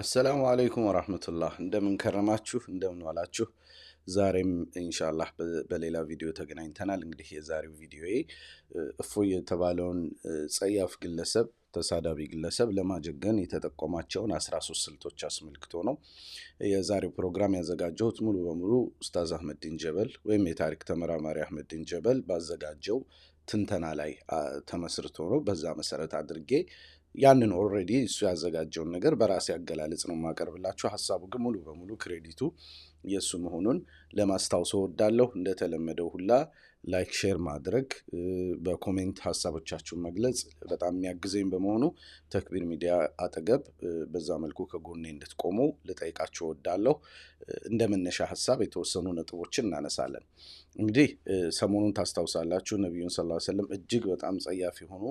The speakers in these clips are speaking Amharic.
አሰላሙ አለይኩም ወራህመቱላህ እንደምን ከረማችሁ፣ እንደምን ዋላችሁ። ዛሬም ኢንሻላህ በሌላ ቪዲዮ ተገናኝተናል። እንግዲህ የዛሬው ቪዲዮ እፎ የተባለውን ጸያፍ ግለሰብ ተሳዳቢ ግለሰብ ለማጀገን የተጠቆማቸውን አስራ ሶስት ስልቶች አስመልክቶ ነው። የዛሬው ፕሮግራም ያዘጋጀሁት ሙሉ በሙሉ ኡስታዝ አህመዲን ጀበል ወይም የታሪክ ተመራማሪ አህመዲን ጀበል ባዘጋጀው ትንተና ላይ ተመስርቶ ነው። በዛ መሰረት አድርጌ ያንን ኦልሬዲ እሱ ያዘጋጀውን ነገር በራሴ አገላለጽ ነው የማቀርብላችሁ። ሀሳቡ ግን ሙሉ በሙሉ ክሬዲቱ የእሱ መሆኑን ለማስታወስ እወዳለሁ። እንደተለመደው ሁላ ላይክ ሼር ማድረግ በኮሜንት ሀሳቦቻችሁን መግለጽ በጣም የሚያግዘኝ በመሆኑ ተክቢር ሚዲያ አጠገብ በዛ መልኩ ከጎኔ እንድትቆሙ ልጠይቃችሁ ወዳለሁ እንደ መነሻ ሀሳብ የተወሰኑ ነጥቦችን እናነሳለን። እንግዲህ ሰሞኑን ታስታውሳላችሁ ነቢዩን ሰለላሁ ሰለም እጅግ በጣም ጸያፍ የሆኑ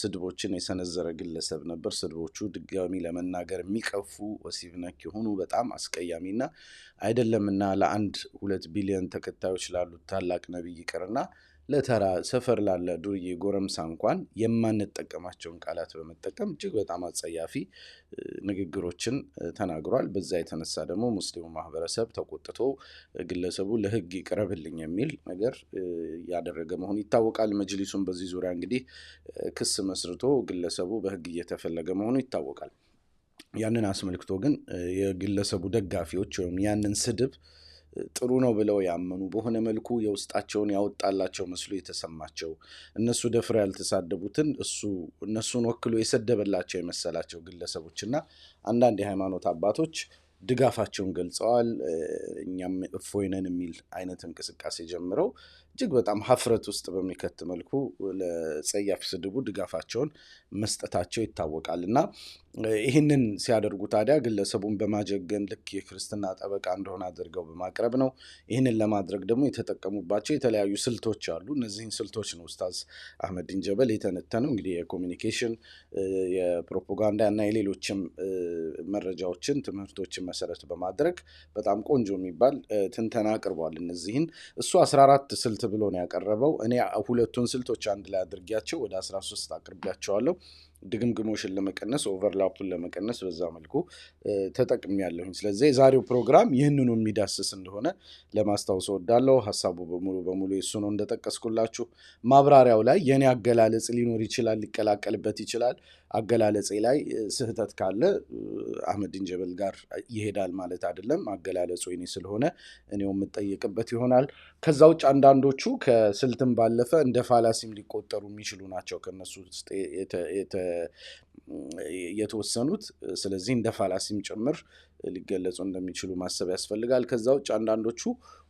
ስድቦችን የሰነዘረ ግለሰብ ነበር። ስድቦቹ ድጋሚ ለመናገር የሚቀፉ ወሲብ ነክ የሆኑ በጣም አስቀያሚና አይደለምና ለአንድ ሁለት ቢሊዮን ተከታዮች ላሉት ታላቅ ነቢይ ይቅርና እና ለተራ ሰፈር ላለ ዱርዬ ጎረምሳ እንኳን የማንጠቀማቸውን ቃላት በመጠቀም እጅግ በጣም አጸያፊ ንግግሮችን ተናግሯል። በዛ የተነሳ ደግሞ ሙስሊሙ ማህበረሰብ ተቆጥቶ ግለሰቡ ለሕግ ይቅረብልኝ የሚል ነገር ያደረገ መሆኑ ይታወቃል። መጅሊሱን በዚህ ዙሪያ እንግዲህ ክስ መስርቶ ግለሰቡ በሕግ እየተፈለገ መሆኑ ይታወቃል። ያንን አስመልክቶ ግን የግለሰቡ ደጋፊዎች ወይም ያንን ስድብ ጥሩ ነው ብለው ያመኑ በሆነ መልኩ የውስጣቸውን ያወጣላቸው መስሎ የተሰማቸው እነሱ ደፍረው ያልተሳደቡትን እሱ እነሱን ወክሎ የሰደበላቸው የመሰላቸው ግለሰቦች እና አንዳንድ የሃይማኖት አባቶች ድጋፋቸውን ገልጸዋል። እኛም እፎይነን የሚል አይነት እንቅስቃሴ ጀምረው እጅግ በጣም ሀፍረት ውስጥ በሚከት መልኩ ለጸያፍ ስድቡ ድጋፋቸውን መስጠታቸው ይታወቃል እና ይህንን ሲያደርጉ ታዲያ ግለሰቡን በማጀገን ልክ የክርስትና ጠበቃ እንደሆነ አድርገው በማቅረብ ነው። ይህንን ለማድረግ ደግሞ የተጠቀሙባቸው የተለያዩ ስልቶች አሉ። እነዚህን ስልቶች ነው ኡስታዝ አህመዲን ጀበል የተነተነው። እንግዲህ የኮሚኒኬሽን የፕሮፓጋንዳ እና የሌሎችም መረጃዎችን ትምህርቶችን መሰረት በማድረግ በጣም ቆንጆ የሚባል ትንተና አቅርቧል። እነዚህን እሱ 14 ስልት ብሎ ነው ያቀረበው። እኔ ሁለቱን ስልቶች አንድ ላይ አድርጊያቸው ወደ 13 አቅርቢያቸዋለሁ። ድግምግሞሽን ለመቀነስ ኦቨርላፑን ለመቀነስ በዛ መልኩ ያለሁኝ ስለዚህ የዛሬው ፕሮግራም ይህንኑ የሚዳስስ እንደሆነ ለማስታወስ ወዳለው ሀሳቡ በሙሉ በሙሉ የሱ ነው። እንደጠቀስኩላችሁ ማብራሪያው ላይ የኔ አገላለጽ ሊኖር ይችላል፣ ሊቀላቀልበት ይችላል። አገላለጼ ላይ ስህተት ካለ አህመድን ጀበል ጋር ይሄዳል ማለት አይደለም። አገላለጹ የኔ ስለሆነ እኔው የምጠየቅበት ይሆናል። ከዛ ውጭ አንዳንዶቹ ከስልትም ባለፈ እንደ ፋላሲም ሊቆጠሩ የሚችሉ ናቸው። ከነሱ ውስጥ የተወሰኑት። ስለዚህ እንደ ፋላሲም ጭምር ሊገለጹ እንደሚችሉ ማሰብ ያስፈልጋል። ከዛ ውጭ አንዳንዶቹ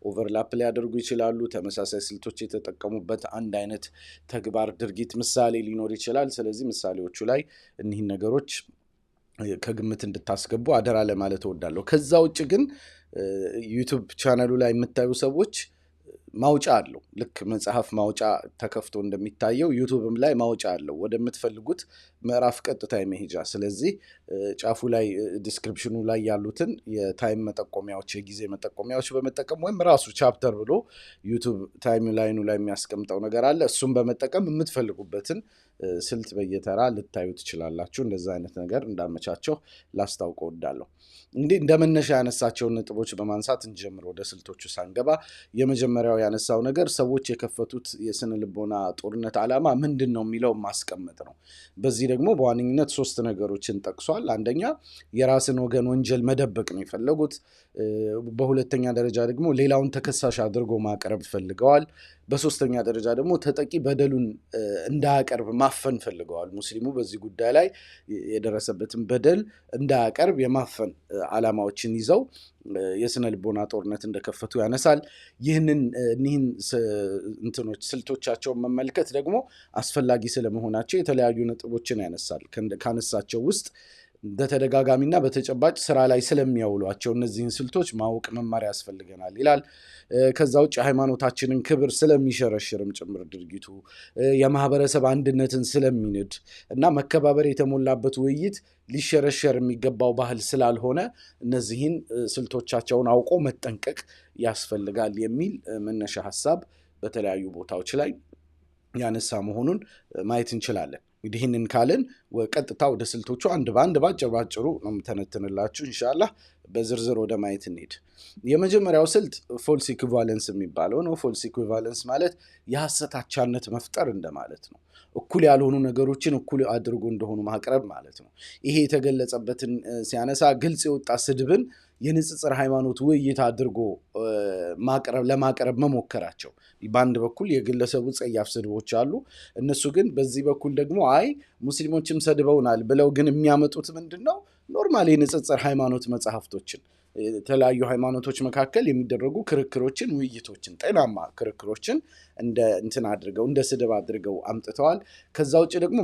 ኦቨርላፕ ሊያደርጉ ይችላሉ። ተመሳሳይ ስልቶች የተጠቀሙበት አንድ አይነት ተግባር፣ ድርጊት ምሳሌ ሊኖር ይችላል። ስለዚህ ምሳሌዎቹ ላይ እኒህን ነገሮች ከግምት እንድታስገቡ አደራ ለማለት እወዳለሁ። ከዛ ውጭ ግን ዩቱብ ቻናሉ ላይ የምታዩ ሰዎች ማውጫ አለው። ልክ መጽሐፍ ማውጫ ተከፍቶ እንደሚታየው ዩቱብም ላይ ማውጫ አለው ወደምትፈልጉት ምዕራፍ ቀጥታ የመሄጃ። ስለዚህ ጫፉ ላይ ዲስክሪፕሽኑ ላይ ያሉትን የታይም መጠቆሚያዎች፣ የጊዜ መጠቆሚያዎች በመጠቀም ወይም ራሱ ቻፕተር ብሎ ዩቱብ ታይም ላይኑ ላይ የሚያስቀምጠው ነገር አለ። እሱም በመጠቀም የምትፈልጉበትን ስልት በየተራ ልታዩ ትችላላችሁ። እንደዛ አይነት ነገር እንዳመቻቸው ላስታውቀ ወዳለሁ። እንግዲህ እንደ መነሻ ያነሳቸውን ነጥቦች በማንሳት እንጀምር። ወደ ስልቶቹ ሳንገባ የመጀመሪያው ያነሳው ነገር ሰዎች የከፈቱት የስነ ልቦና ጦርነት ዓላማ ምንድን ነው የሚለው ማስቀመጥ ነው። በዚህ ደግሞ በዋነኝነት ሶስት ነገሮችን ጠቅሷል። አንደኛ የራስን ወገን ወንጀል መደበቅ ነው የፈለጉት። በሁለተኛ ደረጃ ደግሞ ሌላውን ተከሳሽ አድርጎ ማቅረብ ፈልገዋል። በሶስተኛ ደረጃ ደግሞ ተጠቂ በደሉን እንዳያቀርብ ማፈን ፈልገዋል። ሙስሊሙ በዚህ ጉዳይ ላይ የደረሰበትን በደል እንዳያቀርብ የማፈን አላማዎችን ይዘው የስነ ልቦና ጦርነት እንደከፈቱ ያነሳል። ይህንን እኒህን እንትኖች ስልቶቻቸውን መመልከት ደግሞ አስፈላጊ ስለመሆናቸው የተለያዩ ነጥቦችን ያነሳል። ካነሳቸው ውስጥ በተደጋጋሚና በተጨባጭ ስራ ላይ ስለሚያውሏቸው እነዚህን ስልቶች ማወቅ መማር ያስፈልገናል ይላል። ከዛ ውጭ ሃይማኖታችንን ክብር ስለሚሸረሽርም ጭምር ድርጊቱ የማህበረሰብ አንድነትን ስለሚንድ እና መከባበር የተሞላበት ውይይት ሊሸረሸር የሚገባው ባህል ስላልሆነ እነዚህን ስልቶቻቸውን አውቆ መጠንቀቅ ያስፈልጋል የሚል መነሻ ሀሳብ በተለያዩ ቦታዎች ላይ ያነሳ መሆኑን ማየት እንችላለን። እንግዲህ ይህንን ካልን ቀጥታ ወደ ስልቶቹ አንድ በአንድ ባጭር ባጭሩ ነው የምተነትንላችሁ። እንሻላ በዝርዝር ወደ ማየት እንሄድ። የመጀመሪያው ስልት ፎልስ ኢኩቫለንስ የሚባለው ነው። ፎልስ ኢኩቫለንስ ማለት የሐሰት አቻነት መፍጠር እንደማለት ነው። እኩል ያልሆኑ ነገሮችን እኩል አድርጎ እንደሆኑ ማቅረብ ማለት ነው። ይሄ የተገለጸበትን ሲያነሳ ግልጽ የወጣ ስድብን የንጽጽር ሃይማኖት ውይይት አድርጎ ማቅረብ ለማቅረብ መሞከራቸው በአንድ በኩል የግለሰቡ ጸያፍ ስድቦች አሉ። እነሱ ግን በዚህ በኩል ደግሞ አይ ሙስሊሞችም ሰድበውናል ብለው ግን የሚያመጡት ምንድን ነው ኖርማል የንጽጽር ሃይማኖት መጽሐፍቶችን የተለያዩ ሃይማኖቶች መካከል የሚደረጉ ክርክሮችን፣ ውይይቶችን፣ ጤናማ ክርክሮችን እንደ እንትን አድርገው እንደ ስድብ አድርገው አምጥተዋል። ከዛ ውጭ ደግሞ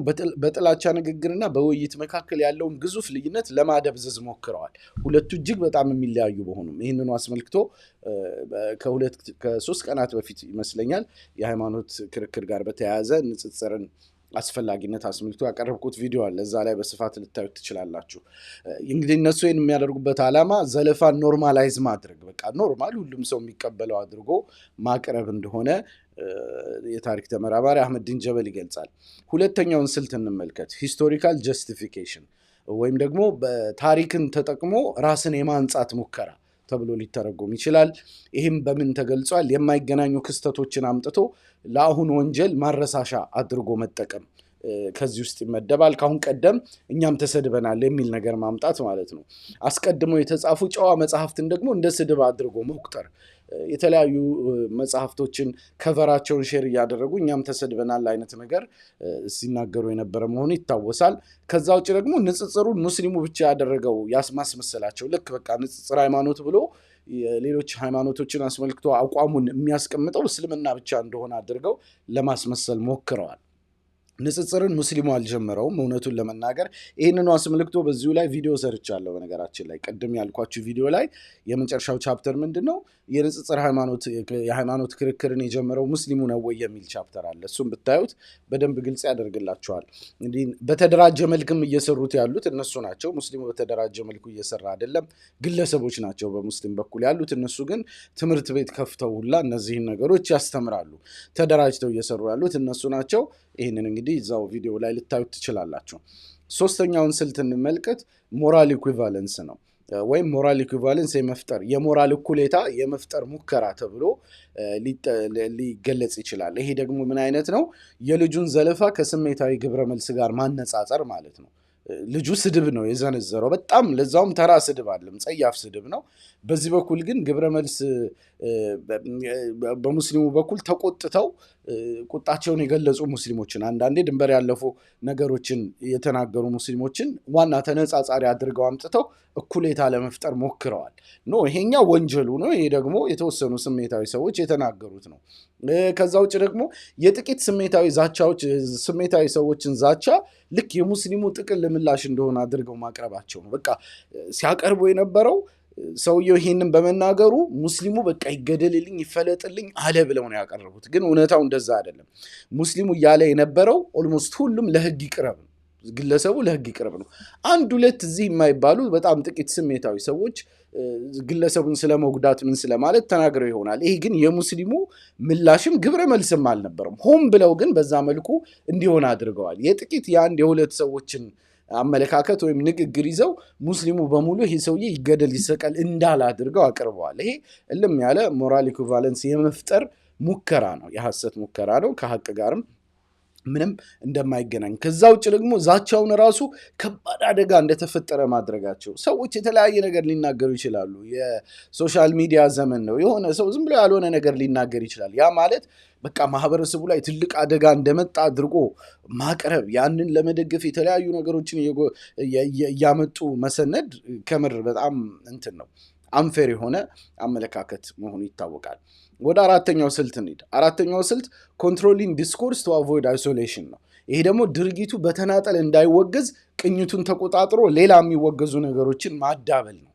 በጥላቻ ንግግርና በውይይት መካከል ያለውን ግዙፍ ልዩነት ለማደብዘዝ ሞክረዋል። ሁለቱ እጅግ በጣም የሚለያዩ በሆኑም ይህንኑ አስመልክቶ ከሁለት ከሶስት ቀናት በፊት ይመስለኛል የሃይማኖት ክርክር ጋር በተያያዘ ንጽጽርን አስፈላጊነት አስመልክቶ ያቀረብኩት ቪዲዮ አለ። እዛ ላይ በስፋት ልታዩት ትችላላችሁ። እንግዲህ እነሱ ይህን የሚያደርጉበት ዓላማ ዘለፋን ኖርማላይዝ ማድረግ በቃ ኖርማል ሁሉም ሰው የሚቀበለው አድርጎ ማቅረብ እንደሆነ የታሪክ ተመራማሪ አህመዲን ጀበል ይገልጻል። ሁለተኛውን ስልት እንመልከት፣ ሂስቶሪካል ጀስቲፊኬሽን ወይም ደግሞ በታሪክን ተጠቅሞ ራስን የማንጻት ሙከራ ተብሎ ሊተረጎም ይችላል። ይህም በምን ተገልጿል? የማይገናኙ ክስተቶችን አምጥቶ ለአሁን ወንጀል ማረሳሻ አድርጎ መጠቀም ከዚህ ውስጥ ይመደባል። ከአሁን ቀደም እኛም ተሰድበናል የሚል ነገር ማምጣት ማለት ነው። አስቀድሞ የተጻፉ ጨዋ መጽሐፍትን ደግሞ እንደ ስድብ አድርጎ መቁጠር የተለያዩ መጽሐፍቶችን ከቨራቸውን ሼር እያደረጉ እኛም ተሰድበናል አይነት ነገር ሲናገሩ የነበረ መሆኑ ይታወሳል። ከዛ ውጭ ደግሞ ንጽጽሩን ሙስሊሙ ብቻ ያደረገው ያስማስመሰላቸው ልክ በቃ ንጽጽር ሃይማኖት ብሎ ሌሎች ሃይማኖቶችን አስመልክቶ አቋሙን የሚያስቀምጠው እስልምና ብቻ እንደሆነ አድርገው ለማስመሰል ሞክረዋል። ንጽጽርን ሙስሊሙ አልጀመረውም። እውነቱን ለመናገር ይህንኑ አስመልክቶ በዚሁ ላይ ቪዲዮ ሰርቻለሁ። በነገራችን ላይ ቅድም ያልኳችሁ ቪዲዮ ላይ የመጨረሻው ቻፕተር ምንድን ነው የንጽጽር የሃይማኖት ክርክርን የጀመረው ሙስሊሙ ነው ወይ የሚል ቻፕተር አለ። እሱም ብታዩት በደንብ ግልጽ ያደርግላቸዋል። እንዲህ በተደራጀ መልክም እየሰሩት ያሉት እነሱ ናቸው። ሙስሊሙ በተደራጀ መልኩ እየሰራ አይደለም፣ ግለሰቦች ናቸው በሙስሊም በኩል ያሉት። እነሱ ግን ትምህርት ቤት ከፍተው ሁላ እነዚህን ነገሮች ያስተምራሉ። ተደራጅተው እየሰሩ ያሉት እነሱ ናቸው። ይህንን እንግዲህ እዛው ቪዲዮ ላይ ልታዩት ትችላላችሁ። ሶስተኛውን ስልት እንመልከት። ሞራል ኢኩቫለንስ ነው ወይም ሞራል ኢኩቫለንስ የመፍጠር የሞራል እኩሌታ የመፍጠር ሙከራ ተብሎ ሊገለጽ ይችላል። ይሄ ደግሞ ምን አይነት ነው? የልጁን ዘለፋ ከስሜታዊ ግብረ መልስ ጋር ማነጻጸር ማለት ነው። ልጁ ስድብ ነው የዘነዘረው፣ በጣም ለዛውም ተራ ስድብ አለም፣ ጸያፍ ስድብ ነው። በዚህ በኩል ግን ግብረ መልስ በሙስሊሙ በኩል ተቆጥተው ቁጣቸውን የገለጹ ሙስሊሞችን አንዳንዴ ድንበር ያለፉ ነገሮችን የተናገሩ ሙስሊሞችን ዋና ተነጻጻሪ አድርገው አምጥተው እኩሌታ ለመፍጠር ሞክረዋል። ኖ ይሄኛው ወንጀሉ ነው። ይሄ ደግሞ የተወሰኑ ስሜታዊ ሰዎች የተናገሩት ነው። ከዛ ውጭ ደግሞ የጥቂት ስሜታዊ ዛቻዎች ስሜታዊ ሰዎችን ዛቻ ልክ የሙስሊሙ ጥቅል ምላሽ እንደሆነ አድርገው ማቅረባቸው ነው። በቃ ሲያቀርቡ የነበረው ሰውየው ይሄንን በመናገሩ ሙስሊሙ በቃ ይገደልልኝ ይፈለጥልኝ አለ ብለው ነው ያቀረቡት። ግን እውነታው እንደዛ አይደለም። ሙስሊሙ እያለ የነበረው ኦልሞስት ሁሉም ለህግ ይቅረብ ነው፣ ግለሰቡ ለህግ ይቅረብ ነው። አንድ ሁለት እዚህ የማይባሉ በጣም ጥቂት ስሜታዊ ሰዎች ግለሰቡን ስለመጉዳት ምን ስለማለት ተናግረው ይሆናል። ይሄ ግን የሙስሊሙ ምላሽም ግብረ መልስም አልነበረም። ሆን ብለው ግን በዛ መልኩ እንዲሆን አድርገዋል። የጥቂት የአንድ የሁለት ሰዎችን አመለካከት ወይም ንግግር ይዘው ሙስሊሙ በሙሉ ይህ ሰውዬ ይገደል ይሰቀል እንዳለ አድርገው አቅርበዋል። ይሄ እልም ያለ ሞራል ኢኩቫለንስ የመፍጠር ሙከራ ነው፣ የሐሰት ሙከራ ነው። ከሀቅ ጋርም ምንም እንደማይገናኝ ከዛ ውጭ ደግሞ ዛቻውን ራሱ ከባድ አደጋ እንደተፈጠረ ማድረጋቸው። ሰዎች የተለያየ ነገር ሊናገሩ ይችላሉ። የሶሻል ሚዲያ ዘመን ነው። የሆነ ሰው ዝም ብሎ ያልሆነ ነገር ሊናገር ይችላል። ያ ማለት በቃ ማህበረሰቡ ላይ ትልቅ አደጋ እንደመጣ አድርጎ ማቅረብ፣ ያንን ለመደገፍ የተለያዩ ነገሮችን እያመጡ መሰነድ ከምር በጣም እንትን ነው፣ አንፌር የሆነ አመለካከት መሆኑ ይታወቃል። ወደ አራተኛው ስልት እንሂድ። አራተኛው ስልት ኮንትሮሊንግ ዲስኮርስ ቱ አቮይድ አይሶሌሽን ነው። ይሄ ደግሞ ድርጊቱ በተናጠል እንዳይወገዝ ቅኝቱን ተቆጣጥሮ ሌላ የሚወገዙ ነገሮችን ማዳበል ነው።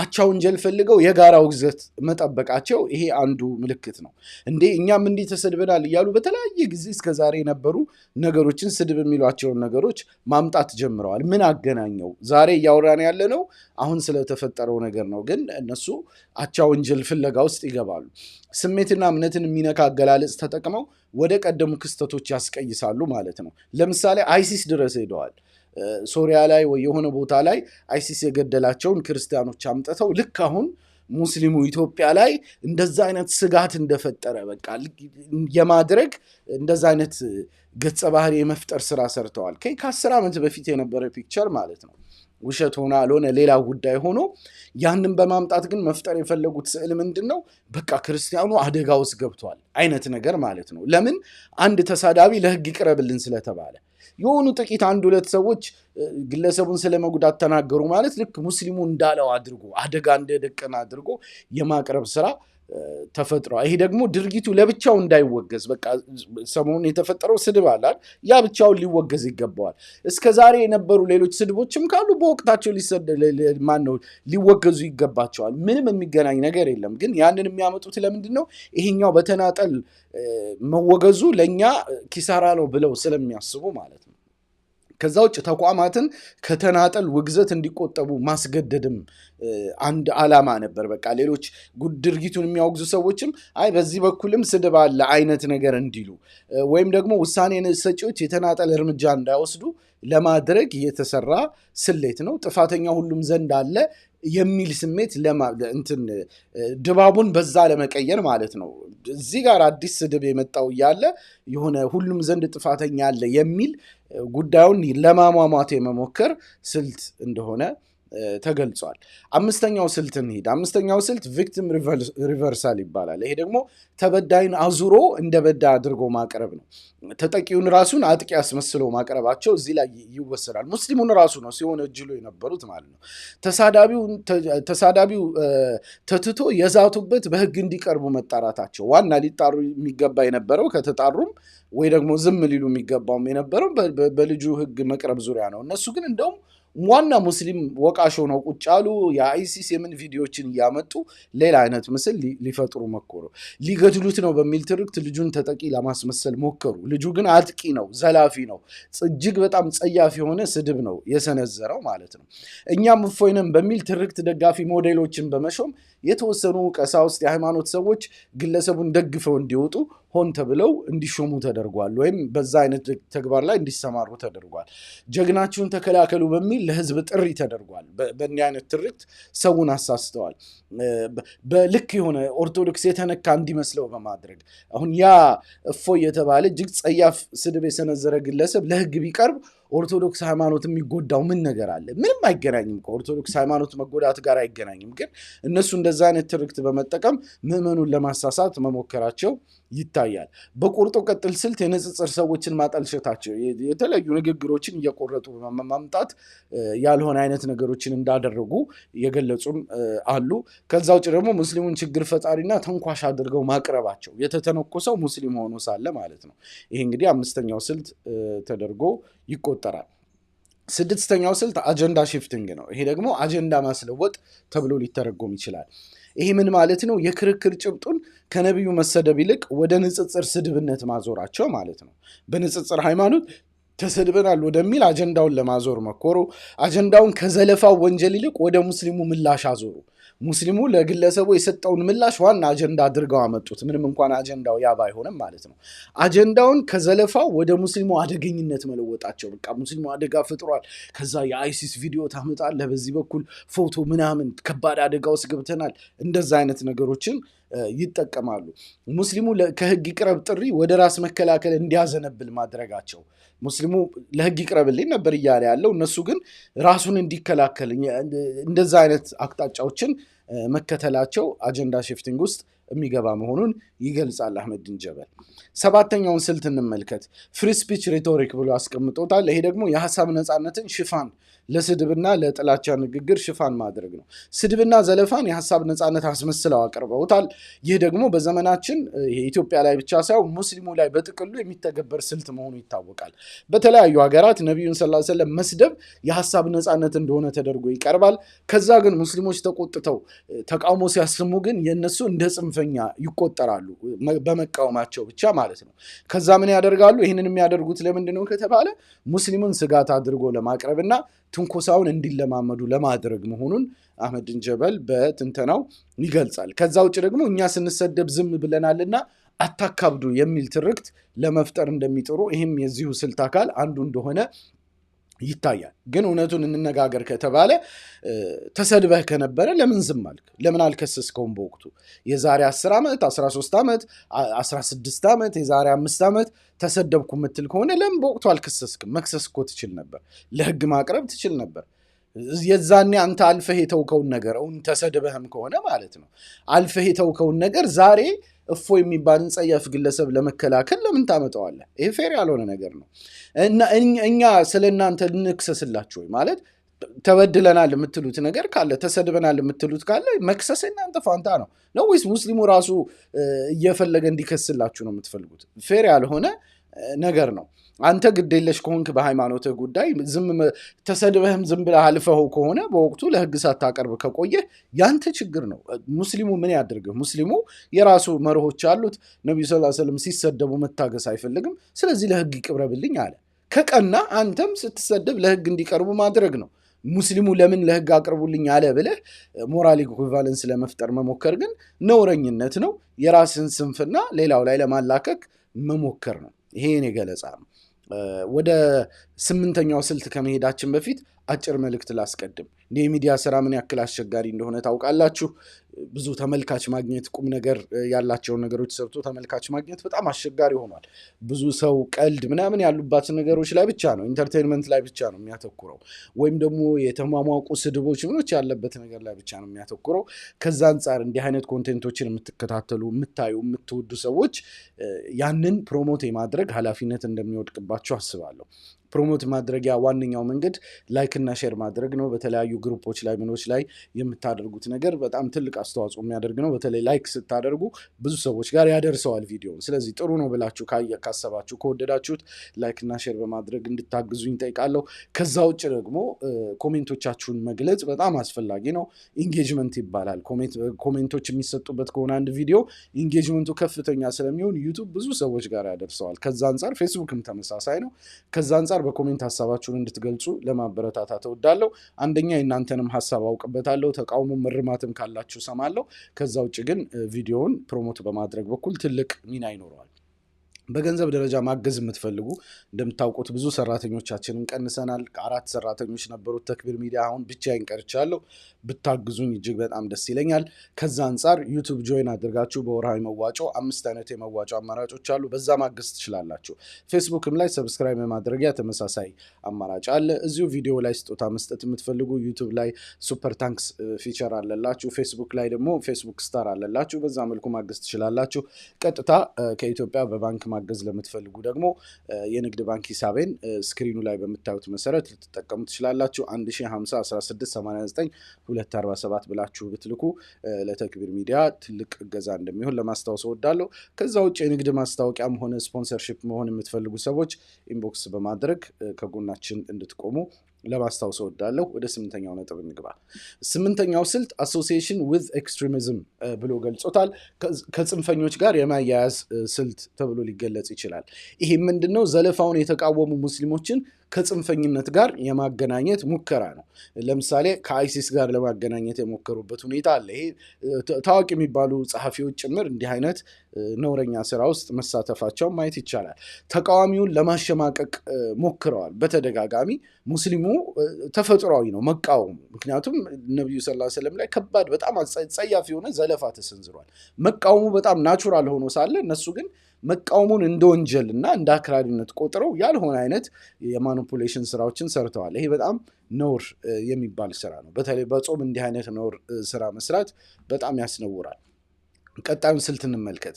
አቻ ወንጀል ፈልገው የጋራ ውግዘት መጠበቃቸው ይሄ አንዱ ምልክት ነው። እንዴ እኛም እንዲህ ተሰድበናል እያሉ በተለያየ ጊዜ እስከዛሬ የነበሩ ነገሮችን ስድብ የሚሏቸውን ነገሮች ማምጣት ጀምረዋል። ምን አገናኘው? ዛሬ እያወራን ያለ ነው አሁን ስለተፈጠረው ነገር ነው። ግን እነሱ አቻ ወንጀል ፍለጋ ውስጥ ይገባሉ። ስሜትና እምነትን የሚነካ አገላለጽ ተጠቅመው ወደ ቀደሙ ክስተቶች ያስቀይሳሉ ማለት ነው። ለምሳሌ አይሲስ ድረስ ሄደዋል። ሶሪያ ላይ ወይ የሆነ ቦታ ላይ አይሲስ የገደላቸውን ክርስቲያኖች አምጥተው ልክ አሁን ሙስሊሙ ኢትዮጵያ ላይ እንደዛ አይነት ስጋት እንደፈጠረ በቃ የማድረግ እንደዛ አይነት ገጸ ባህሪ የመፍጠር ስራ ሰርተዋል። ከአስር ዓመት በፊት የነበረ ፒክቸር ማለት ነው። ውሸት ሆነ አልሆነ ሌላ ጉዳይ ሆኖ ያንን በማምጣት ግን መፍጠር የፈለጉት ስዕል ምንድን ነው? በቃ ክርስቲያኑ አደጋ ውስጥ ገብቷል አይነት ነገር ማለት ነው። ለምን አንድ ተሳዳቢ ለህግ ይቅረብልን ስለተባለ የሆኑ ጥቂት አንድ ሁለት ሰዎች ግለሰቡን ስለመጉዳት ተናገሩ ማለት ልክ ሙስሊሙ እንዳለው አድርጎ አደጋ እንደደቀነ አድርጎ የማቅረብ ስራ ተፈጥሯል። ይሄ ደግሞ ድርጊቱ ለብቻው እንዳይወገዝ በቃ ሰሞኑን የተፈጠረው ስድብ አላል ያ ብቻውን ሊወገዝ ይገባዋል። እስከ ዛሬ የነበሩ ሌሎች ስድቦችም ካሉ በወቅታቸው ማነው ሊወገዙ ይገባቸዋል። ምንም የሚገናኝ ነገር የለም። ግን ያንን የሚያመጡት ለምንድን ነው? ይሄኛው በተናጠል መወገዙ ለእኛ ኪሳራ ነው ብለው ስለሚያስቡ ማለት ነው። ከዛ ውጭ ተቋማትን ከተናጠል ውግዘት እንዲቆጠቡ ማስገደድም አንድ አላማ ነበር። በቃ ሌሎች ድርጊቱን የሚያወግዙ ሰዎችም አይ በዚህ በኩልም ስድብ አለ አይነት ነገር እንዲሉ ወይም ደግሞ ውሳኔ ሰጪዎች የተናጠል እርምጃ እንዳይወስዱ ለማድረግ የተሰራ ስሌት ነው። ጥፋተኛ ሁሉም ዘንድ አለ የሚል ስሜት እንትን ድባቡን በዛ ለመቀየር ማለት ነው። እዚህ ጋር አዲስ ስድብ የመጣው እያለ የሆነ ሁሉም ዘንድ ጥፋተኛ አለ የሚል ጉዳዩን ለማሟሟት የመሞከር ስልት እንደሆነ ተገልጿል። አምስተኛው ስልት እንሂድ። አምስተኛው ስልት ቪክቲም ሪቨርሳል ይባላል። ይሄ ደግሞ ተበዳይን አዙሮ እንደ በዳ አድርጎ ማቅረብ ነው። ተጠቂውን ራሱን አጥቂ አስመስሎ ማቅረባቸው እዚህ ላይ ይወሰዳል። ሙስሊሙን ራሱ ነው ሲሆን እጅሎ የነበሩት ማለት ነው። ተሳዳቢው ተትቶ የዛቱበት በህግ እንዲቀርቡ መጣራታቸው ዋና ሊጣሩ የሚገባ የነበረው ከተጣሩም ወይ ደግሞ ዝም ሊሉ የሚገባውም የነበረው በልጁ ህግ መቅረብ ዙሪያ ነው። እነሱ ግን እንደውም ዋና ሙስሊም ወቃሽ ሆነው ቁጭ አሉ። የአይሲስ የምን ቪዲዮዎችን እያመጡ ሌላ አይነት ምስል ሊፈጥሩ መኮሩ። ሊገድሉት ነው በሚል ትርክት ልጁን ተጠቂ ለማስመሰል ሞከሩ። ልጁ ግን አጥቂ ነው፣ ዘላፊ ነው። እጅግ በጣም ጸያፍ የሆነ ስድብ ነው የሰነዘረው ማለት ነው። እኛም እፎይንም በሚል ትርክት ደጋፊ ሞዴሎችን በመሾም የተወሰኑ ቀሳውስት የሃይማኖት ሰዎች ግለሰቡን ደግፈው እንዲወጡ ሆን ተብለው እንዲሾሙ ተደርጓል፣ ወይም በዛ አይነት ተግባር ላይ እንዲሰማሩ ተደርጓል። ጀግናችሁን ተከላከሉ በሚል ለህዝብ ጥሪ ተደርጓል። በእንዲህ አይነት ትርክት ሰውን አሳስተዋል። በልክ የሆነ ኦርቶዶክስ የተነካ እንዲመስለው በማድረግ አሁን ያ እፎይ የተባለ እጅግ ጸያፍ ስድብ የሰነዘረ ግለሰብ ለህግ ቢቀርብ ኦርቶዶክስ ሃይማኖት የሚጎዳው ምን ነገር አለ? ምንም አይገናኝም። ከኦርቶዶክስ ሃይማኖት መጎዳት ጋር አይገናኝም። ግን እነሱ እንደዛ አይነት ትርክት በመጠቀም ምዕመኑን ለማሳሳት መሞከራቸው ይታያል። በቆርጦ ቀጥል ስልት የንጽጽር ሰዎችን ማጠልሸታቸው የተለያዩ ንግግሮችን እየቆረጡ ማምጣት ያልሆነ አይነት ነገሮችን እንዳደረጉ የገለጹም አሉ። ከዛ ውጭ ደግሞ ሙስሊሙን ችግር ፈጣሪና ተንኳሽ አድርገው ማቅረባቸው የተተነኮሰው ሙስሊም ሆኖ ሳለ ማለት ነው። ይሄ እንግዲህ አምስተኛው ስልት ተደርጎ ይቆጠራል። ስድስተኛው ስልት አጀንዳ ሽፍቲንግ ነው። ይሄ ደግሞ አጀንዳ ማስለወጥ ተብሎ ሊተረጎም ይችላል። ይሄ ምን ማለት ነው? የክርክር ጭብጡን ከነቢዩ መሰደብ ይልቅ ወደ ንጽጽር ስድብነት ማዞራቸው ማለት ነው። በንጽጽር ሃይማኖት ተሰድበናል ወደሚል አጀንዳውን ለማዞር መኮሩ፣ አጀንዳውን ከዘለፋው ወንጀል ይልቅ ወደ ሙስሊሙ ምላሽ አዞሩ። ሙስሊሙ ለግለሰቡ የሰጠውን ምላሽ ዋና አጀንዳ አድርገው አመጡት። ምንም እንኳን አጀንዳው ያ ባይሆንም ማለት ነው። አጀንዳውን ከዘለፋው ወደ ሙስሊሙ አደገኝነት መለወጣቸው። በቃ ሙስሊሙ አደጋ ፈጥሯል፣ ከዛ የአይሲስ ቪዲዮ ታመጣለህ፣ በዚህ በኩል ፎቶ ምናምን፣ ከባድ አደጋ ውስጥ ገብተናል። እንደዛ አይነት ነገሮችን ይጠቀማሉ። ሙስሊሙ ከህግ ይቅረብ ጥሪ ወደ ራስ መከላከል እንዲያዘነብል ማድረጋቸው ሙስሊሙ ለህግ ይቅረብልኝ ነበር እያለ ያለው እነሱ ግን ራሱን እንዲከላከል እንደዛ አይነት አቅጣጫዎችን መከተላቸው አጀንዳ ሽፍቲንግ ውስጥ የሚገባ መሆኑን ይገልጻል። አህመድን ጀበል ሰባተኛውን ስልት እንመልከት። ፍሪ ስፒች ሪቶሪክ ብሎ አስቀምጦታል። ይሄ ደግሞ የሀሳብ ነፃነትን ሽፋን ለስድብና ለጥላቻ ንግግር ሽፋን ማድረግ ነው። ስድብና ዘለፋን የሀሳብ ነፃነት አስመስለው አቅርበውታል። ይህ ደግሞ በዘመናችን ኢትዮጵያ ላይ ብቻ ሳይሆን ሙስሊሙ ላይ በጥቅሉ የሚተገበር ስልት መሆኑ ይታወቃል። በተለያዩ ሀገራት ነቢዩን ስላ ዐለይሂ መስደብ የሀሳብ ነፃነት እንደሆነ ተደርጎ ይቀርባል። ከዛ ግን ሙስሊሞች ተቆጥተው ተቃውሞ ሲያሰሙ ግን የእነሱ እንደ ጽንፈኛ ይቆጠራሉ፣ በመቃወማቸው ብቻ ማለት ነው። ከዛ ምን ያደርጋሉ? ይህንን የሚያደርጉት ለምንድን ነው ከተባለ ሙስሊሙን ስጋት አድርጎ ለማቅረብና ትንኮሳውን እንዲለማመዱ ለማድረግ መሆኑን አህመድን ጀበል በትንተናው ይገልጻል። ከዛ ውጭ ደግሞ እኛ ስንሰደብ ዝም ብለናልና አታካብዱ የሚል ትርክት ለመፍጠር እንደሚጥሩ ይህም የዚሁ ስልት አካል አንዱ እንደሆነ ይታያል። ግን እውነቱን እንነጋገር ከተባለ ተሰድበህ ከነበረ ለምን ዝም አልክ? ለምን አልከሰስከውም? በወቅቱ የዛሬ 10 ዓመት፣ 13 ዓመት፣ 16 ዓመት፣ የዛሬ 5 ዓመት ተሰደብኩ የምትል ከሆነ ለምን በወቅቱ አልከሰስክም? መክሰስ እኮ ትችል ነበር። ለህግ ማቅረብ ትችል ነበር። የዛኔ አንተ አልፈህ የተውከውን ነገር እውን ተሰድበህም ከሆነ ማለት ነው አልፈህ የተውከውን ነገር ዛሬ እፎ የሚባልን ጸያፍ ግለሰብ ለመከላከል ለምን ታመጠዋለ? ይሄ ፌር ያልሆነ ነገር ነው። እኛ ስለ እናንተ ልንክሰስላችሁ ወይ ማለት ተበድለናል የምትሉት ነገር ካለ ተሰድበናል የምትሉት ካለ መክሰስ እናንተ ፋንታ ነው ነው ወይስ ሙስሊሙ ራሱ እየፈለገ እንዲከስላችሁ ነው የምትፈልጉት? ፌር ያልሆነ ነገር ነው። አንተ ግዴለሽ ከሆንክ በሃይማኖትህ ጉዳይ ተሰድበህም ዝም ብለህ አልፈው ከሆነ በወቅቱ ለህግ ሳታቀርብ ከቆየ ያንተ ችግር ነው። ሙስሊሙ ምን ያድርግህ? ሙስሊሙ የራሱ መርሆች አሉት። ነቢዩ ስ ስለም ሲሰደቡ መታገስ አይፈልግም። ስለዚህ ለህግ ይቅረብልኝ አለ። ከቀና አንተም ስትሰደብ ለህግ እንዲቀርቡ ማድረግ ነው። ሙስሊሙ ለምን ለህግ አቅርቡልኝ አለ ብለህ ሞራል ኢኩቫለንስ ለመፍጠር መሞከር ግን ነውረኝነት ነው። የራስን ስንፍና ሌላው ላይ ለማላከክ መሞከር ነው። ይሄ የኔ ገለጻ ነው። ወደ ስምንተኛው ስልት ከመሄዳችን በፊት አጭር መልእክት ላስቀድም። እንዲህ የሚዲያ ስራ ምን ያክል አስቸጋሪ እንደሆነ ታውቃላችሁ። ብዙ ተመልካች ማግኘት ቁም ነገር ያላቸውን ነገሮች ሰብቶ ተመልካች ማግኘት በጣም አስቸጋሪ ሆኗል። ብዙ ሰው ቀልድ ምናምን ያሉባትን ነገሮች ላይ ብቻ ነው ኢንተርቴንመንት ላይ ብቻ ነው የሚያተኩረው፣ ወይም ደግሞ የተሟሟቁ ስድቦች ምኖች ያለበት ነገር ላይ ብቻ ነው የሚያተኩረው። ከዛ አንጻር እንዲህ አይነት ኮንቴንቶችን የምትከታተሉ የምታዩ፣ የምትወዱ ሰዎች ያንን ፕሮሞት የማድረግ ኃላፊነት እንደሚወድቅባቸው አስባለሁ። ፕሮሞት ማድረጊያ ዋነኛው መንገድ ላይክና ሼር ማድረግ ነው። በተለያዩ ግሩፖች ላይ ምኖች ላይ የምታደርጉት ነገር በጣም ትልቅ አስተዋጽኦ የሚያደርግ ነው። በተለይ ላይክ ስታደርጉ ብዙ ሰዎች ጋር ያደርሰዋል ቪዲዮ ስለዚህ ጥሩ ነው ብላችሁ ካሰባችሁ ከወደዳችሁት ላይክና ሼር በማድረግ እንድታግዙኝ ጠይቃለሁ። ከዛ ውጭ ደግሞ ኮሜንቶቻችሁን መግለጽ በጣም አስፈላጊ ነው። ኢንጌጅመንት ይባላል። ኮሜንቶች የሚሰጡበት ከሆነ አንድ ቪዲዮ ኢንጌጅመንቱ ከፍተኛ ስለሚሆን ዩቱብ ብዙ ሰዎች ጋር ያደርሰዋል። ከዛ አንጻር ፌስቡክም ተመሳሳይ ነው። ከዛ አንጻር በኮሜንት ሀሳባችሁን እንድትገልጹ ለማበረታታ ተወዳለሁ አንደኛ የእናንተንም ሀሳብ አውቅበታለሁ፣ ተቃውሞም እርማትም ካላችሁ ሰማለሁ። ከዛ ውጭ ግን ቪዲዮውን ፕሮሞት በማድረግ በኩል ትልቅ ሚና ይኖረዋል። በገንዘብ ደረጃ ማገዝ የምትፈልጉ እንደምታውቁት ብዙ ሰራተኞቻችንን ቀንሰናል። ከአራት ሰራተኞች ነበሩት ተክቢር ሚዲያ አሁን ብቻዬን ቀርቻለሁ። ብታግዙኝ እጅግ በጣም ደስ ይለኛል። ከዛ አንጻር ዩቱብ ጆይን አድርጋችሁ በወርሃዊ መዋጮ አምስት አይነት የመዋጮ አማራጮች አሉ። በዛ ማገዝ ትችላላችሁ። ፌስቡክም ላይ ሰብስክራይብ የማድረጊያ ተመሳሳይ አማራጭ አለ። እዚሁ ቪዲዮ ላይ ስጦታ መስጠት የምትፈልጉ ዩቱብ ላይ ሱፐር ታንክስ ፊቸር አለላችሁ። ፌስቡክ ላይ ደግሞ ፌስቡክ ስታር አለላችሁ። በዛ መልኩ ማገዝ ትችላላችሁ። ቀጥታ ከኢትዮጵያ በባንክ ማገዝ ለምትፈልጉ ደግሞ የንግድ ባንክ ሂሳቤን ስክሪኑ ላይ በምታዩት መሰረት ልትጠቀሙ ትችላላችሁ። 1050 ብላችሁ ብትልኩ ለተክቢር ሚዲያ ትልቅ እገዛ እንደሚሆን ለማስታወስ እወዳለሁ። ከዛ ውጭ የንግድ ማስታወቂያም ሆነ ስፖንሰርሺፕ መሆን የምትፈልጉ ሰዎች ኢንቦክስ በማድረግ ከጎናችን እንድትቆሙ ለማስታወስ እወዳለሁ። ወደ ስምንተኛው ነጥብ እንግባ። ስምንተኛው ስልት አሶሲሽን ዊዝ ኤክስትሪሚዝም ብሎ ገልጾታል። ከጽንፈኞች ጋር የማያያዝ ስልት ተብሎ ሊገለጽ ይችላል። ይሄ ምንድን ነው? ዘለፋውን የተቃወሙ ሙስሊሞችን ከጽንፈኝነት ጋር የማገናኘት ሙከራ ነው። ለምሳሌ ከአይሲስ ጋር ለማገናኘት የሞከሩበት ሁኔታ አለ። ይሄ ታዋቂ የሚባሉ ጸሐፊዎች ጭምር እንዲህ አይነት ነውረኛ ስራ ውስጥ መሳተፋቸው ማየት ይቻላል። ተቃዋሚውን ለማሸማቀቅ ሞክረዋል። በተደጋጋሚ ሙስሊሙ ተፈጥሯዊ ነው መቃወሙ። ምክንያቱም ነቢዩ ስላ ስለም ላይ ከባድ በጣም ጸያፍ የሆነ ዘለፋ ተሰንዝሯል። መቃወሙ በጣም ናቹራል ሆኖ ሳለ እነሱ ግን መቃወሙን እንደ ወንጀል እና እንደ አክራሪነት ቆጥረው ያልሆነ አይነት የማኒፑሌሽን ስራዎችን ሰርተዋል። ይሄ በጣም ነውር የሚባል ስራ ነው። በተለይ በጾም እንዲህ አይነት ነውር ስራ መስራት በጣም ያስነውራል። ቀጣዩን ስልት እንመልከት።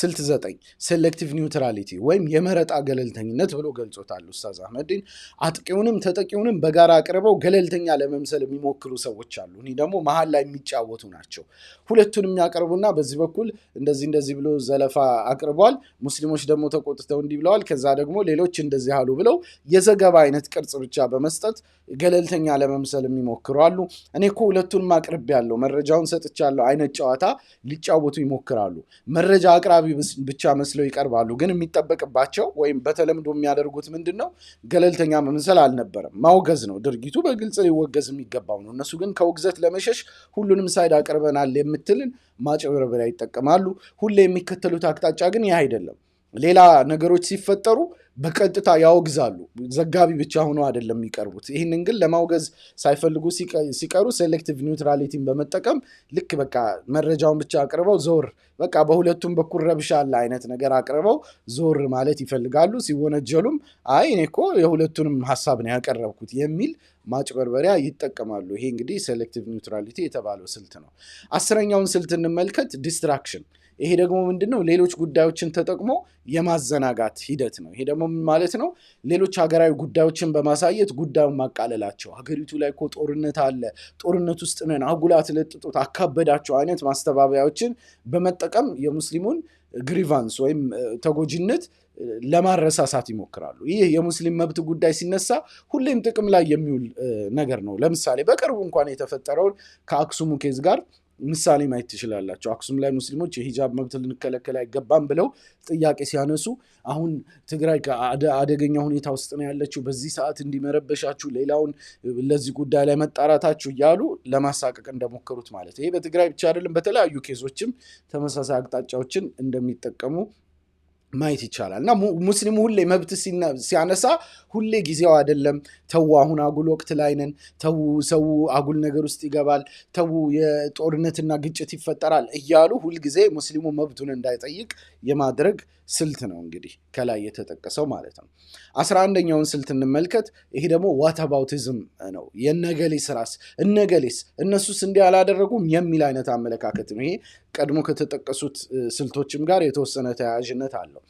ስልት ዘጠኝ ሴሌክቲቭ ኒውትራሊቲ ወይም የመረጣ ገለልተኝነት ብሎ ገልጾታል ኡስታዝ አህመዲን። አጥቂውንም ተጠቂውንም በጋራ አቅርበው ገለልተኛ ለመምሰል የሚሞክሩ ሰዎች አሉ። እኒህ ደግሞ መሀል ላይ የሚጫወቱ ናቸው። ሁለቱን የሚያቀርቡና በዚህ በኩል እንደዚህ እንደዚህ ብሎ ዘለፋ አቅርቧል፣ ሙስሊሞች ደግሞ ተቆጥተው እንዲህ ብለዋል፣ ከዛ ደግሞ ሌሎች እንደዚህ አሉ ብለው የዘገባ አይነት ቅርጽ ብቻ በመስጠት ገለልተኛ ለመምሰል የሚሞክሩ አሉ። እኔ እኮ ሁለቱንም አቅርቤያለሁ፣ መረጃውን ሰጥቻለሁ አይነት ጨዋታ ሊጫ ሊጫወቱ ይሞክራሉ። መረጃ አቅራቢ ብቻ መስለው ይቀርባሉ። ግን የሚጠበቅባቸው ወይም በተለምዶ የሚያደርጉት ምንድን ነው? ገለልተኛ መምሰል አልነበረም። ማውገዝ ነው። ድርጊቱ በግልጽ ሊወገዝ የሚገባው ነው። እነሱ ግን ከውግዘት ለመሸሽ ሁሉንም ሳይድ አቅርበናል የምትልን ማጭበርበሪያ ይጠቀማሉ። ሁሌ የሚከተሉት አቅጣጫ ግን ይህ አይደለም። ሌላ ነገሮች ሲፈጠሩ በቀጥታ ያወግዛሉ። ዘጋቢ ብቻ ሆኖ አይደለም የሚቀርቡት። ይህንን ግን ለማውገዝ ሳይፈልጉ ሲቀሩ ሴሌክቲቭ ኒውትራሊቲን በመጠቀም ልክ በቃ መረጃውን ብቻ አቅርበው ዞር በቃ በሁለቱም በኩል ረብሻለ አይነት ነገር አቅርበው ዞር ማለት ይፈልጋሉ። ሲወነጀሉም አይ እኔ እኮ የሁለቱንም ሀሳብ ነው ያቀረብኩት የሚል ማጭበርበሪያ ይጠቀማሉ። ይሄ እንግዲህ ሴሌክቲቭ ኒውትራሊቲ የተባለው ስልት ነው። አስረኛውን ስልት እንመልከት፣ ዲስትራክሽን ይሄ ደግሞ ምንድን ነው? ሌሎች ጉዳዮችን ተጠቅሞ የማዘናጋት ሂደት ነው። ይሄ ደግሞ ማለት ነው ሌሎች ሀገራዊ ጉዳዮችን በማሳየት ጉዳዩን ማቃለላቸው። ሀገሪቱ ላይ እኮ ጦርነት አለ፣ ጦርነት ውስጥ ነን፣ አጉላት አትለጥጡት፣ አካበዳቸው አይነት ማስተባበያዎችን በመጠቀም የሙስሊሙን ግሪቫንስ ወይም ተጎጂነት ለማረሳሳት ይሞክራሉ። ይህ የሙስሊም መብት ጉዳይ ሲነሳ ሁሌም ጥቅም ላይ የሚውል ነገር ነው። ለምሳሌ በቅርቡ እንኳን የተፈጠረውን ከአክሱሙ ኬዝ ጋር ምሳሌ ማየት ትችላላቸው። አክሱም ላይ ሙስሊሞች የሂጃብ መብት ልንከለከል አይገባም ብለው ጥያቄ ሲያነሱ አሁን ትግራይ አደገኛ ሁኔታ ውስጥ ነው ያለችው፣ በዚህ ሰዓት እንዲመረበሻችሁ ሌላውን ለዚህ ጉዳይ ላይ መጣራታችሁ እያሉ ለማሳቀቅ እንደሞከሩት ማለት ይሄ በትግራይ ብቻ አይደለም፣ በተለያዩ ኬሶችም ተመሳሳይ አቅጣጫዎችን እንደሚጠቀሙ ማየት ይቻላል እና ሙስሊሙ ሁሌ መብት ሲያነሳ ሁሌ ጊዜው አይደለም፣ ተዉ አሁን አጉል ወቅት ላይነን ተዉ ሰው አጉል ነገር ውስጥ ይገባል፣ ተዉ የጦርነትና ግጭት ይፈጠራል እያሉ ሁልጊዜ ሙስሊሙ መብቱን እንዳይጠይቅ የማድረግ ስልት ነው እንግዲህ ከላይ የተጠቀሰው ማለት ነው። አስራ አንደኛውን ስልት እንመልከት። ይሄ ደግሞ ዋታባውቲዝም ነው። የነገሌ ስራስ፣ እነገሌስ፣ እነሱስ እንዲህ አላደረጉም የሚል አይነት አመለካከት ነው። ይሄ ቀድሞ ከተጠቀሱት ስልቶችም ጋር የተወሰነ ተያያዥነት አለው።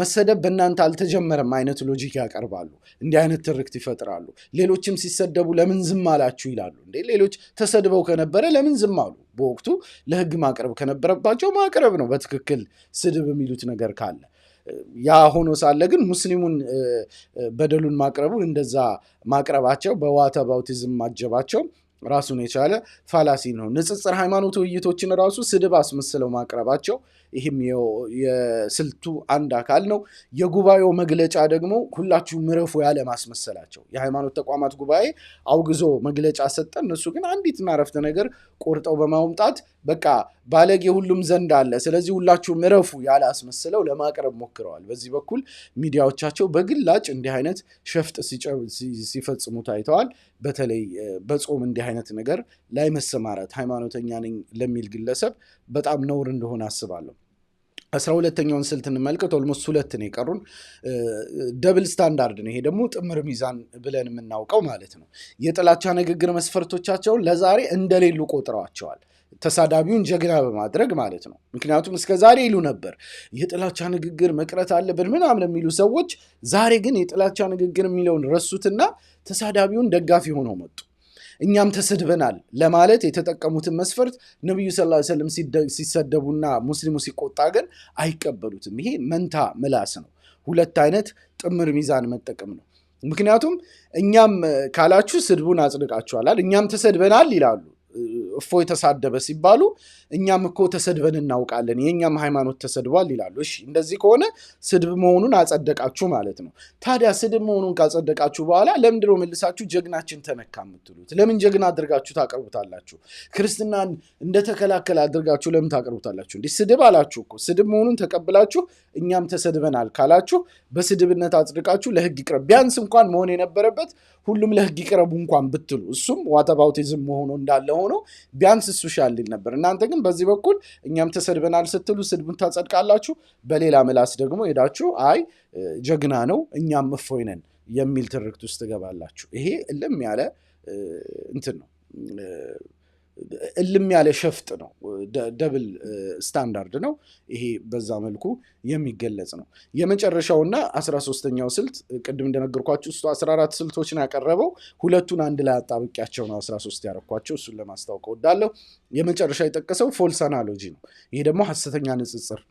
መሰደብ በእናንተ አልተጀመረም አይነት ሎጂክ ያቀርባሉ። እንዲህ አይነት ትርክት ይፈጥራሉ። ሌሎችም ሲሰደቡ ለምን ዝም አላችሁ ይላሉ። እንዴ ሌሎች ተሰድበው ከነበረ ለምን ዝም አሉ? በወቅቱ ለህግ ማቅረብ ከነበረባቸው ማቅረብ ነው። በትክክል ስድብ የሚሉት ነገር ካለ ያ ሆኖ ሳለ ግን ሙስሊሙን በደሉን ማቅረቡ እንደዛ ማቅረባቸው በዋተባውቲዝም ማጀባቸው ራሱን የቻለ ፋላሲ ነው። ንጽጽር ሃይማኖት ውይይቶችን ራሱ ስድብ አስመስለው ማቅረባቸው ይህም የስልቱ አንድ አካል ነው። የጉባኤው መግለጫ ደግሞ ሁላችሁ ምረፉ ያለ ማስመሰላቸው የሃይማኖት ተቋማት ጉባኤ አውግዞ መግለጫ ሰጠ። እነሱ ግን አንዲት ማረፍተ ነገር ቆርጠው በማምጣት በቃ ባለጌ ሁሉም ዘንድ አለ፣ ስለዚህ ሁላችሁ ምረፉ ያለ አስመስለው ለማቅረብ ሞክረዋል። በዚህ በኩል ሚዲያዎቻቸው በግላጭ እንዲህ አይነት ሸፍጥ ሲፈጽሙ ታይተዋል። በተለይ በጾም እንዲህ አይነት ነገር ላይ መሰማራት ሃይማኖተኛ ነኝ ለሚል ግለሰብ በጣም ነውር እንደሆነ አስባለሁ። አስራ ሁለተኛውን ስልት እንመልከት። ኦልሞስት ሁለት ነው የቀሩን። ደብል ስታንዳርድ ነው ይሄ ደግሞ ጥምር ሚዛን ብለን የምናውቀው ማለት ነው። የጥላቻ ንግግር መስፈርቶቻቸውን ለዛሬ እንደሌሉ ቆጥረዋቸዋል። ተሳዳቢውን ጀግና በማድረግ ማለት ነው። ምክንያቱም እስከ ዛሬ ይሉ ነበር የጥላቻ ንግግር መቅረት አለብን ምናምን የሚሉ ሰዎች ዛሬ ግን የጥላቻ ንግግር የሚለውን ረሱትና ተሳዳቢውን ደጋፊ ሆነው መጡ። እኛም ተሰድበናል ለማለት የተጠቀሙትን መስፈርት ነቢዩ ሰለላሁ ዐለይሂ ሲሰደቡና ሙስሊሙ ሲቆጣ ግን አይቀበሉትም። ይሄ መንታ ምላስ ነው። ሁለት አይነት ጥምር ሚዛን መጠቀም ነው። ምክንያቱም እኛም ካላችሁ ስድቡን አጽድቃችኋላል፣ እኛም ተሰድበናል ይላሉ እፎ የተሳደበ ሲባሉ እኛም እኮ ተሰድበን እናውቃለን፣ የእኛም ሃይማኖት ተሰድቧል ይላሉ። እሺ እንደዚህ ከሆነ ስድብ መሆኑን አጸደቃችሁ ማለት ነው። ታዲያ ስድብ መሆኑን ካጸደቃችሁ በኋላ ለምንድነው መልሳችሁ ጀግናችን ተነካ የምትሉት? ለምን ጀግና አድርጋችሁ ታቀርቡታላችሁ? ክርስትናን እንደተከላከለ አድርጋችሁ ለምን ታቀርቡታላችሁ? እንዲህ ስድብ አላችሁ እኮ ስድብ መሆኑን ተቀብላችሁ እኛም ተሰድበናል ካላችሁ በስድብነት አጽድቃችሁ ለህግ ይቅረብ። ቢያንስ እንኳን መሆን የነበረበት ሁሉም ለህግ ይቅረቡ እንኳን ብትሉ እሱም ዋተባውቲዝም መሆኑ እንዳለ ሆኖ ቢያንስ እሱ ሊል ነበር። እናንተ ግን በዚህ በኩል እኛም ተሰድበናል ስትሉ ስድብን ታጸድቃላችሁ፣ በሌላ ምላስ ደግሞ ሄዳችሁ አይ ጀግና ነው እኛም እፎይ ነን የሚል ትርክት ውስጥ ትገባላችሁ። ይሄ እልም ያለ እንትን ነው። እልም ያለ ሸፍጥ ነው። ደብል ስታንዳርድ ነው። ይሄ በዛ መልኩ የሚገለጽ ነው። የመጨረሻውና አስራ ሶስተኛው ስልት ቅድም እንደነገርኳችሁ እሱ አስራ አራት ስልቶችን ያቀረበው ሁለቱን አንድ ላይ አጣብቂያቸው ነው አስራ ሶስት ያረኳቸው። እሱን ለማስታወቅ እወዳለሁ። የመጨረሻ የጠቀሰው ፎልስ አናሎጂ ነው። ይሄ ደግሞ ሀሰተኛ ንጽጽር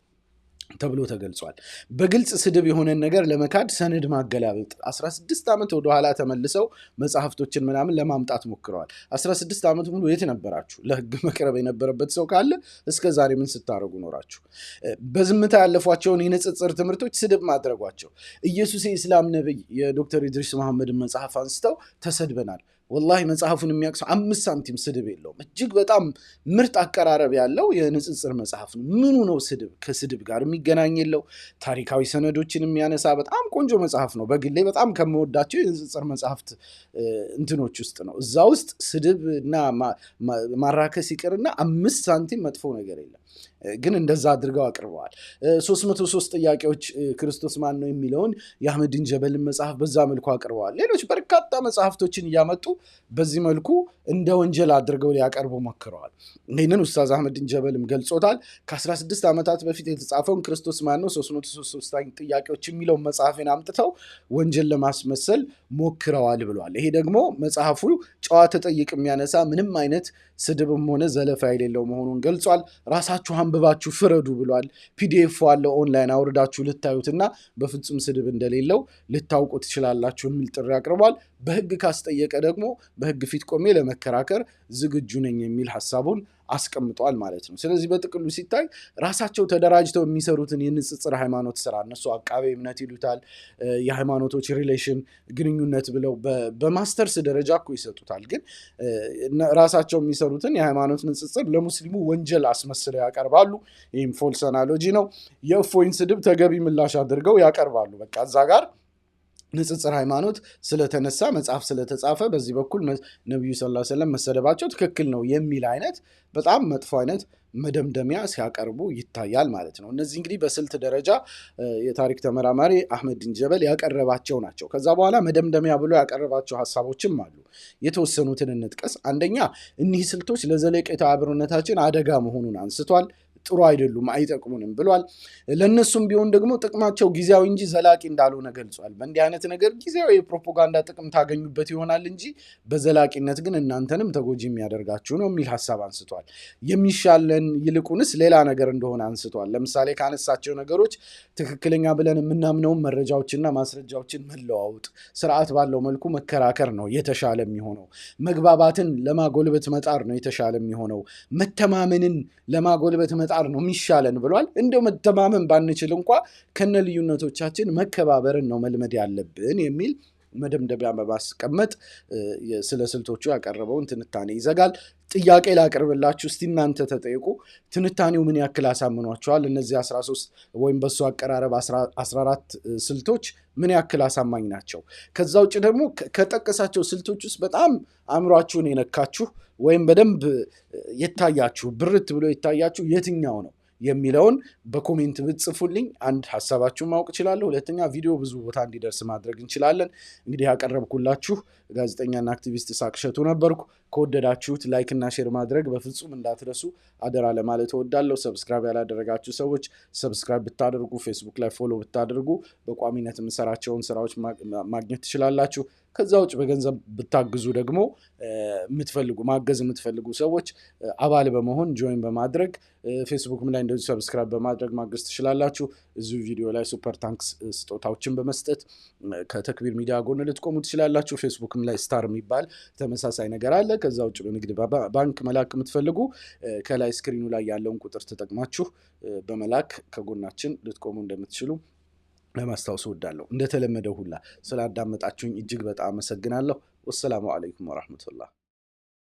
ተብሎ ተገልጿል። በግልጽ ስድብ የሆነን ነገር ለመካድ ሰነድ ማገላበጥ 16 ዓመት ወደኋላ ተመልሰው መጽሐፍቶችን ምናምን ለማምጣት ሞክረዋል። 16 ዓመት ሙሉ የት ነበራችሁ? ለህግ መቅረብ የነበረበት ሰው ካለ እስከ ዛሬ ምን ስታደረጉ ኖራችሁ? በዝምታ ያለፏቸውን የንጽጽር ትምህርቶች ስድብ ማድረጓቸው። ኢየሱስ የኢስላም ነቢይ የዶክተር ኢድሪስ መሐመድን መጽሐፍ አንስተው ተሰድበናል ወላ መጽሐፉን የሚያቅሰው ሰው አምስት ሳንቲም ስድብ የለውም። እጅግ በጣም ምርጥ አቀራረብ ያለው የንጽጽር መጽሐፍ ነው። ምኑ ነው ስድብ ከስድብ ጋር የሚገናኝ የለው። ታሪካዊ ሰነዶችን የሚያነሳ በጣም ቆንጆ መጽሐፍ ነው። በግሌ በጣም ከምወዳቸው የንጽጽር መጽሐፍት እንትኖች ውስጥ ነው። እዛ ውስጥ ስድብ እና ማራከስ ይቅርና አምስት ሳንቲም መጥፎ ነገር የለም። ግን እንደዛ አድርገው አቅርበዋል። 303 ጥያቄዎች ክርስቶስ ማን ነው የሚለውን የአህመድን ጀበልን መጽሐፍ በዛ መልኩ አቅርበዋል። ሌሎች በርካታ መጽሐፍቶችን እያመጡ በዚህ መልኩ እንደ ወንጀል አድርገው ሊያቀርቡ ሞክረዋል። ይህንን ኡስታዝ አህመድን ጀበልም ገልጾታል። ከ16 ዓመታት በፊት የተጻፈውን ክርስቶስ ማን ነው 303 ጥያቄዎች የሚለውን መጽሐፍን አምጥተው ወንጀል ለማስመሰል ሞክረዋል ብሏል። ይሄ ደግሞ መጽሐፉ ጨዋ ተጠይቅ የሚያነሳ ምንም አይነት ስድብም ሆነ ዘለፋ የሌለው መሆኑን ገልጿል። ራሳችሁ አንብባችሁ ፍረዱ ብሏል። ፒዲኤፍ አለው ኦንላይን አውርዳችሁ ልታዩትና በፍጹም ስድብ እንደሌለው ልታውቁ ትችላላችሁ የሚል ጥሪ አቅርቧል። በህግ ካስጠየቀ ደግሞ በህግ ፊት ቆሜ ለመከራከር ዝግጁ ነኝ የሚል ሀሳቡን አስቀምጧል ማለት ነው። ስለዚህ በጥቅሉ ሲታይ ራሳቸው ተደራጅተው የሚሰሩትን የንጽጽር ሃይማኖት ስራ እነሱ አቃቤ እምነት ይሉታል፣ የሃይማኖቶች ሪሌሽን ግንኙነት ብለው በማስተርስ ደረጃ እኮ ይሰጡታል። ግን ራሳቸው የሚሰሩትን የሃይማኖት ንጽጽር ለሙስሊሙ ወንጀል አስመስለው ያቀርባሉ። ይህም ፎልስ አናሎጂ ነው። የእፎይን ስድብ ተገቢ ምላሽ አድርገው ያቀርባሉ። በቃ እዛ ጋር ንጽጽር ሃይማኖት ስለተነሳ መጽሐፍ ስለተጻፈ በዚህ በኩል ነቢዩ ስላ ሰለም መሰደባቸው ትክክል ነው የሚል አይነት በጣም መጥፎ አይነት መደምደሚያ ሲያቀርቡ ይታያል ማለት ነው። እነዚህ እንግዲህ በስልት ደረጃ የታሪክ ተመራማሪ አህመድን ጀበል ያቀረባቸው ናቸው። ከዛ በኋላ መደምደሚያ ብሎ ያቀረባቸው ሀሳቦችም አሉ። የተወሰኑትን እንጥቀስ። አንደኛ እኒህ ስልቶች ለዘለቄታ አብሮነታችን አደጋ መሆኑን አንስቷል። ጥሩ አይደሉም፣ አይጠቅሙንም ብሏል። ለእነሱም ቢሆን ደግሞ ጥቅማቸው ጊዜያዊ እንጂ ዘላቂ እንዳልሆነ ገልጿል። በእንዲህ አይነት ነገር ጊዜያዊ የፕሮፓጋንዳ ጥቅም ታገኙበት ይሆናል እንጂ በዘላቂነት ግን እናንተንም ተጎጂ የሚያደርጋችሁ ነው የሚል ሀሳብ አንስቷል። የሚሻለን ይልቁንስ ሌላ ነገር እንደሆነ አንስቷል። ለምሳሌ ካነሳቸው ነገሮች ትክክለኛ ብለን የምናምነውን መረጃዎችና ማስረጃዎችን መለዋወጥ፣ ስርዓት ባለው መልኩ መከራከር ነው የተሻለ የሚሆነው። መግባባትን ለማጎልበት መጣር ነው የተሻለ የሚሆነው። መተማመንን ለማጎልበት መጣር አንጻር ነው የሚሻለን ብሏል። እንደው መተማመን ባንችል እንኳ ከነ ልዩነቶቻችን መከባበርን ነው መልመድ ያለብን የሚል መደምደቢያ በማስቀመጥ ስለ ስልቶቹ ያቀረበውን ትንታኔ ይዘጋል። ጥያቄ ላቅርብላችሁ እስቲ እናንተ ተጠይቁ። ትንታኔው ምን ያክል አሳምኗቸዋል እነዚህ 13 ወይም በሱ አቀራረብ 14 ስልቶች ምን ያክል አሳማኝ ናቸው? ከዛ ውጭ ደግሞ ከጠቀሳቸው ስልቶች ውስጥ በጣም አእምሯችሁን የነካችሁ ወይም በደንብ የታያችሁ ብርት ብሎ የታያችሁ የትኛው ነው? የሚለውን በኮሜንት ብጽፉልኝ አንድ ሀሳባችሁን ማወቅ ይችላለ። ሁለተኛ ቪዲዮ ብዙ ቦታ እንዲደርስ ማድረግ እንችላለን። እንግዲህ ያቀረብኩላችሁ ጋዜጠኛና አክቲቪስት ሳቅሸቱ ነበርኩ። ከወደዳችሁት ላይክና ሼር ማድረግ በፍጹም እንዳትረሱ አደራ ለማለት እወዳለሁ። ሰብስክራይብ ያላደረጋችሁ ሰዎች ሰብስክራይብ ብታደርጉ፣ ፌስቡክ ላይ ፎሎ ብታደርጉ በቋሚነት የምሰራቸውን ስራዎች ማግኘት ትችላላችሁ። ከዛ ውጭ በገንዘብ ብታግዙ ደግሞ የምትፈልጉ ማገዝ የምትፈልጉ ሰዎች አባል በመሆን ጆይን በማድረግ ፌስቡክም ላይ እንደዚሁ ሰብስክራይብ በማድረግ ማገዝ ትችላላችሁ። እዚሁ ቪዲዮ ላይ ሱፐር ታንክስ ስጦታዎችን በመስጠት ከተክቢር ሚዲያ ጎን ልትቆሙ ትችላላችሁ። ፌስቡክም ላይ ስታር የሚባል ተመሳሳይ ነገር አለ። ከዛ ውጭ በንግድ ባንክ መላክ የምትፈልጉ ከላይ ስክሪኑ ላይ ያለውን ቁጥር ተጠቅማችሁ በመላክ ከጎናችን ልትቆሙ እንደምትችሉ ለማስታወስ እወዳለሁ። እንደተለመደ ሁላ ስላዳመጣችሁኝ እጅግ በጣም አመሰግናለሁ። ወሰላሙ አለይኩም ወረሕመቱላህ።